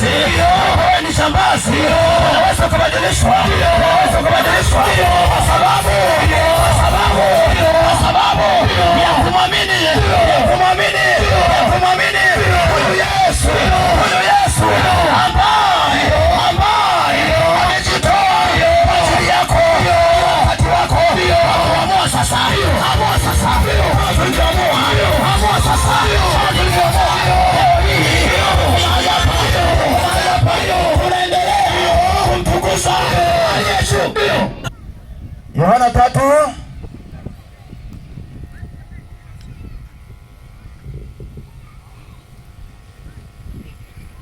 shambazi, wewe ni shambazi, unaweza kubadilishwa, unaweza kubadilishwa kwa sababu ya kumwamini ya kumwamini ya kumwamini huyu Yesu, huyu na tatu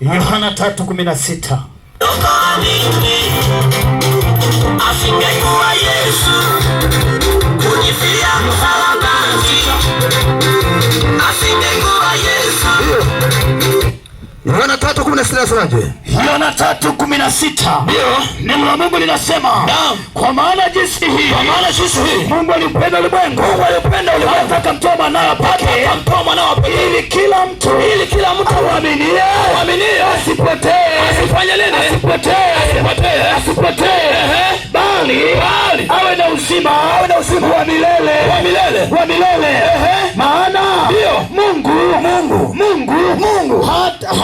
Yohana tatu kumi na sita asingekuwa Yesu Yohana 3:16 nasemaje? Yohana 3:16. Ndio. Neno la Mungu linasema, kwa maana jinsi hii, kwa maana jinsi hii Mungu alipenda ulimwengu, Mungu alipenda ulimwengu hata akamtoa mwanawe pake, akamtoa mwanawe pake ili kila mtu, ili kila mtu aaminiye, aaminiye asipotee, asifanye nini? Asipotee, asipotee, asipotee, bali bali awe na uzima, awe na uzima wa milele, wa milele, wa milele. Maana ndio Mungu, Mungu, Mungu, Mungu hata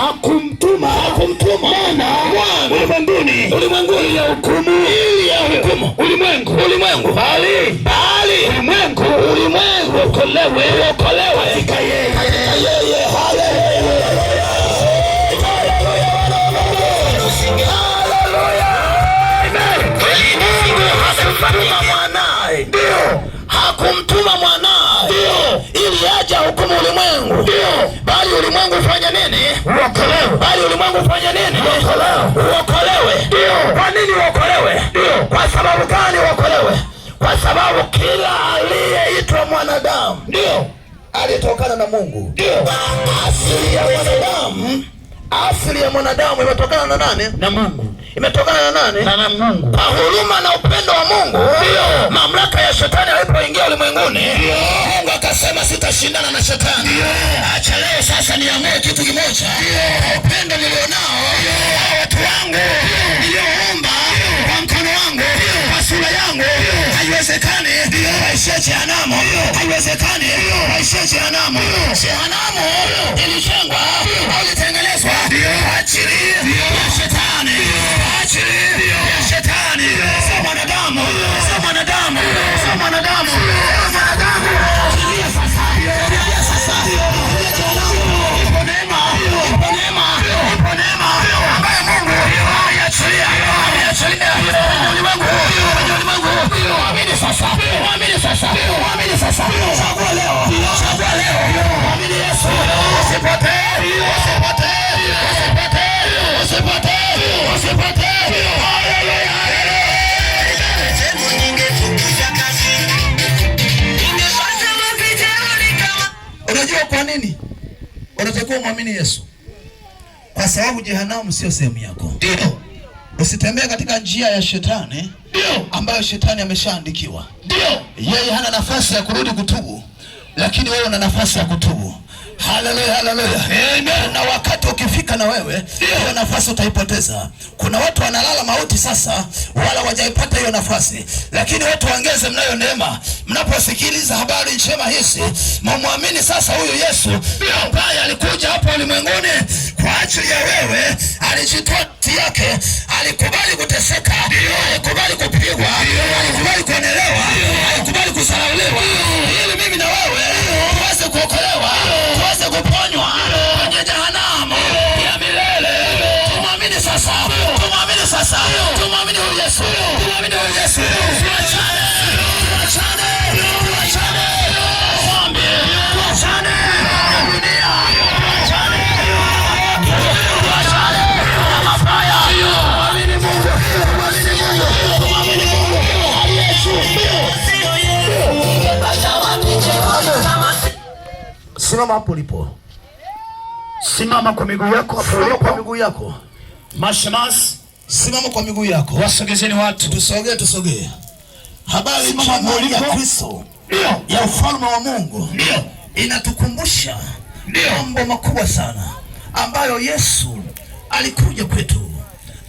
ulimwenguni ulimwenguni ili ya hukumu ili ya hukumu ulimwengu ulimwengu bali bali ulimwengu ulimwengu ukolewe, ukolewe katika yeye hakumtuma mwanaye ndio aliacha hukumu ulimwengu, ndio bali ulimwengu ufanye nini? Uokolewe. Bali ulimwengu ufanye nini? Uokolewe. Uokolewe, ndio. Kwa nini uokolewe? Ndio. Kwa sababu gani uokolewe? Kwa sababu kila aliyeitwa mwanadamu ndio alitokana na Mungu, ndio asili ya mwanadamu. Asili ya mwanadamu imetokana na nani? Na Mungu. Imetokana na nani? Na na Mungu. Kwa huruma na upendo wa Mungu, ndio mamlaka ya shetani alipoingia ulimwenguni, Mungu akasema sitashindana na shetani. Acha leo sasa niamue kitu kimoja, upendo nilionao watu wangu nilioomba haiwezekani waishie jehanamu, haiwezekani waishie jehanamu. Jehanamu ilijengwa au ilitengenezwa kwa ajili ya shetani, kwa ajili ya shetani, sio mwanadamu, sio mwanadamu, sio mwanadamu. Yesu, chagua leo, chagua leo, amini Yesu, usipotee, usipotee, usipotee, usipotee, usipotee. Unajua kwa nini unatakiwa muamini Yesu? Kwa sababu jehanamu sio sehemu yako. Ndio. Usitembee katika njia ya shetani ambayo shetani ameshaandikiwa. Ndio yeye hana nafasi ya kurudi kutubu, lakini wewe una nafasi ya kutubu. Haleluya, haleluya, amen. Na wakati ukifika, na wewe hiyo nafasi utaipoteza. Kuna watu wanalala mauti sasa, wala wajaipata hiyo nafasi, lakini watu waongeze mnayo neema. Mnaposikiliza habari njema hizi, mumwamini sasa huyu Yesu ambaye alikuja hapa ulimwenguni kwa ajili ya wewe, alijitoa yake, alikubali kuteseka Simama hapo ulipo, simama kwa miguu yako, kwa miguu yako mashemasi Simama kwa miguu yako. Wasogezeni watu. Tusogee, tusogee. Habari njema ya Kristo ya ufalme wa Mungu inatukumbusha mambo makubwa sana ambayo Yesu alikuja kwetu,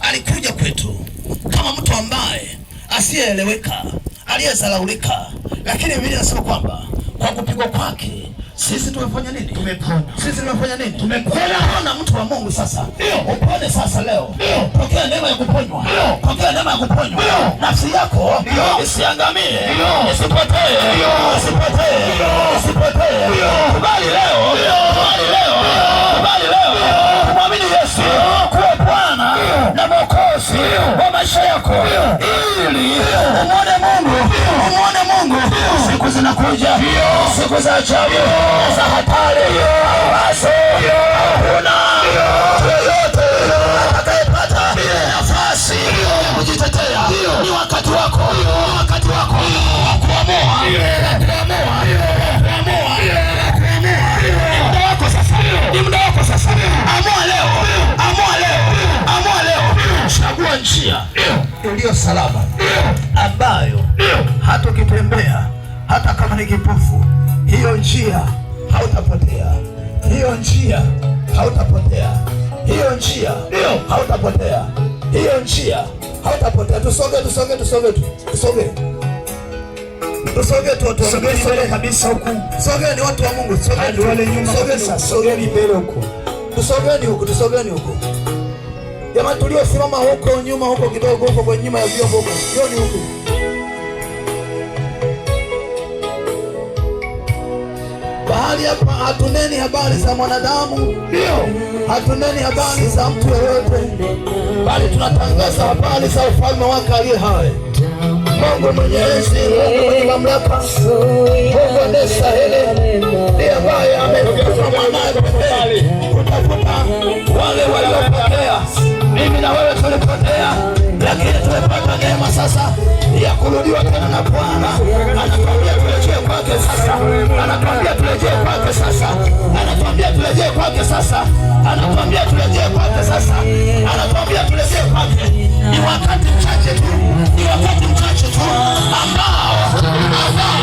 alikuja kwetu kama mtu ambaye asiyeeleweka, aliyezalaulika, lakini Biblia inasema kwamba kwa kupigwa kwake sisi tumefanya nini? Tumepona. Sisi tumefanya nini? Tumepona. Ona mtu wa Mungu sasa. Ndio. Upone sasa leo. Ndio. Pokea neema ya kuponywa. Ndio. Pokea neema ya kuponywa. Ndio. Nafsi yako isiangamie. Ndio. Isipotee. Ndio. Isipotee. Ndio. Isipotee. Ndio. Kubali leo. Ndio. Kubali leo. Kubali leo. Kumwamini Yesu kuwa Bwana na Mwokozi wa maisha yako. Ili umwone uone Mungu. Siku zinakuja, siku za ajabu, za hatari, basi hakuna yeyote atakayepata nafasi kujitetea. Ni wakati wako, ni wakati wako Chagua njia iliyo salama ambayo hata ukitembea, hata kama ni kipofu, hiyo njia hautapotea, hiyo njia hautapotea, hiyo njia ndio hautapotea, hiyo njia hautapotea. Tusonge, tusonge, tusonge, tusonge, tusonge tu, tusonge mbele kabisa huku. ni watu wa Mungu, ni wale nyuma kabisa, ni mbele huku, ni huku, ni huku. Jamani, tuliosimama huko nyuma huko kidogo, huko kwa nyuma ya vyombo huko, ni huku mahali hapa hatuneni habari za mwanadamu, ndio hatuneni habari za mtu yeyote, bali tunatangaza habari za ufalme wake aliye hai, Mungu mwenyezi, Mungu mwenye mamlaka, Mungu anayestahili, ndiye ambaye amemjaza mwanaye pekee kutafuta wale waliopotea. Mimi na wewe tulipotea, lakini tumepata neema sasa ya kurudiwa tena na Bwana anatuambia kwake sasa, anatuambia turejee kwake sasa, anatuambia turejee kwake sasa, anatuambia turejee kwake sasa, anatuambia turejee kwake. Ni wakati mchache tu, ni wakati mchache tu ambao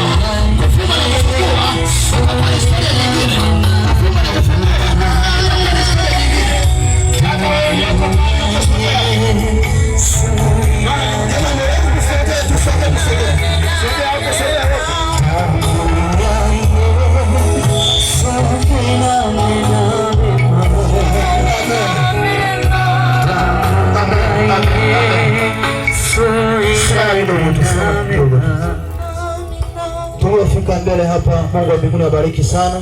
pale hapa. Mungu wa mbinguni wabariki sana.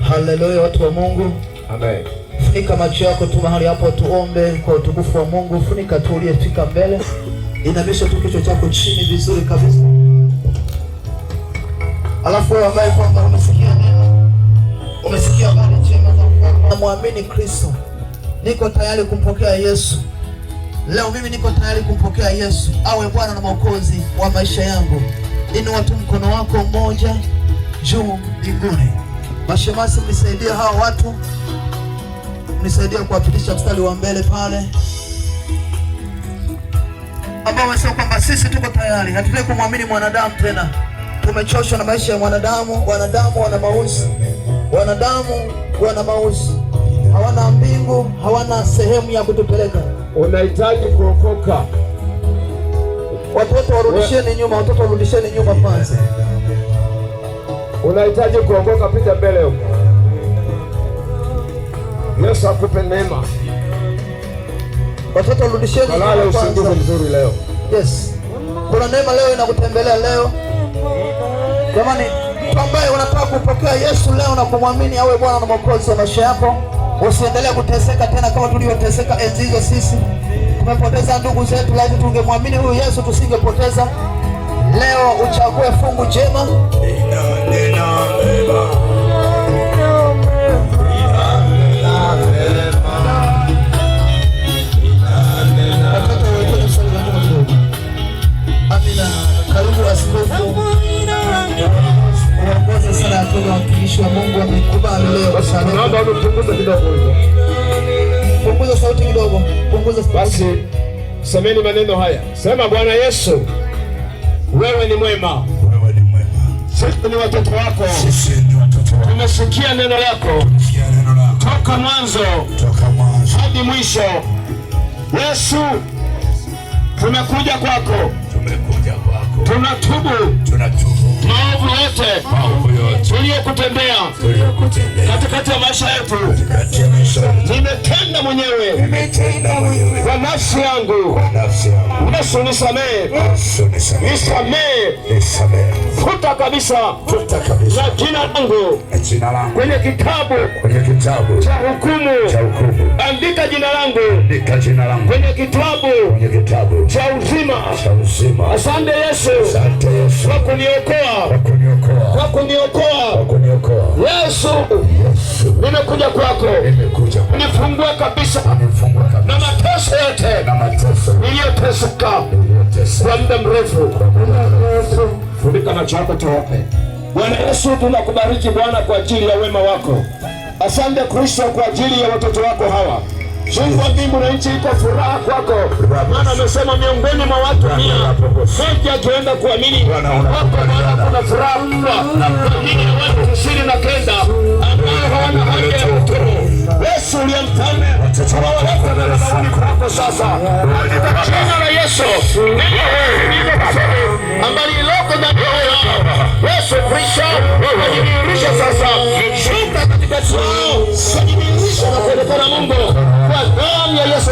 Haleluya, watu wa Mungu. Amen. Funika macho yako tu mahali hapo, tuombe kwa utukufu wa Mungu. Funika tu uliyefika mbele, inamisha tu kichwa chako chini vizuri kabisa, alafu wewe ambaye kwamba umesikia neno, umesikia habari njema za namwamini Kristo, niko tayari kumpokea Yesu leo. Mimi niko tayari kumpokea Yesu awe Bwana na Mwokozi wa maisha yangu inua tu mkono wako mmoja juu mbinguni. Bashemasi, mnisaidie hawa watu, mnisaidie kuwapitisha mstari wa mbele pale, ambao wamesema kwamba sisi tuko tayari, hatutaki kumwamini mwanadamu tena, tumechoshwa na maisha ya mwanadamu. Wanadamu wana mauzi, wanadamu wana mauzi, hawana mbingu, hawana sehemu ya kutupeleka. Unahitaji kuokoka. Watoto warudisheni nyuma, watoto warudisheni nyuma kwanza. Unahitaji kuongoka, pita mbele huko. Yesu akupe neema. Watoto warudisheni nyuma kwanza. Usingizi mzuri leo. Yes. Kuna neema leo inakutembelea leo. Jamani, mtu ambaye unataka kupokea Yesu leo na kumwamini awe Bwana na Mwokozi wa maisha yako, usiendelee kuteseka tena kama tulivyoteseka enzi hizo sisi. Tumepoteza ndugu zetu, lakini tungemwamini huyu Yesu tusingepoteza. Leo uchague fungu njema uongoze sana. Watumishi wa Mungu wamekubali leo Punguza sauti kidogo, punguza sauti. Basi semeni maneno haya, sema Bwana Yesu, wewe ni mwema, wewe ni mwema, sisi ni watoto wako, sisi ni watoto wako, tumesikia neno lako, tumesikia neno lako toka mwanzo, toka mwanzo hadi mwisho. Yesu, tumekuja kwako tumekuja kwako, tunatubu, tunatubu maovu yote, maovu yote tuliyokutendea, tuliyokutendea katikati ya maisha yetu, katikati ya maisha nimetenda mwenyewe, nimetenda mwenyewe kwa nafsi yangu, kwa nafsi yangu, Yesu nisamehe, Yesu nisamehe, nisamehe, nisamehe, futa kabisa, futa kabisa na jina langu, na jina langu kwenye kitabu, kwenye kitabu cha hukumu, cha hukumu, andika jina langu, andika jina langu kwenye kitabu, kwenye kitabu cha uzima, cha uzima uzima. Asante Yesu kwa kuniokoa, kwa kuniokoa kwa kwa kuniokoa, kuniokoa. Yesu. Yesu, Nimekuja kwako, nimekuja, nifungue kabisa kabisa na mateso yote na mateso niliyotesuka kwa muda mrefu. Funika na chako tope. Bwana Yesu, tunakubariki Bwana kwa ajili ya wema wako. Asante Kristo kwa ajili ya watoto wako hawa Sifa mbingu na nchi iko furaha kwako, maana amesema miongoni mwa watu mia moja akienda kuamini wako, maana kuna furaha kubwa kwa ajili ya watu tisini na kenda ambao hawana haja ya kuturu. Yesu uliyemfalme awawaaaaauni kwako sasa, katika jina la Yesu ambalo liloko ndani yao Yesu Kristo ajidirisha sasa, shuka katika kwao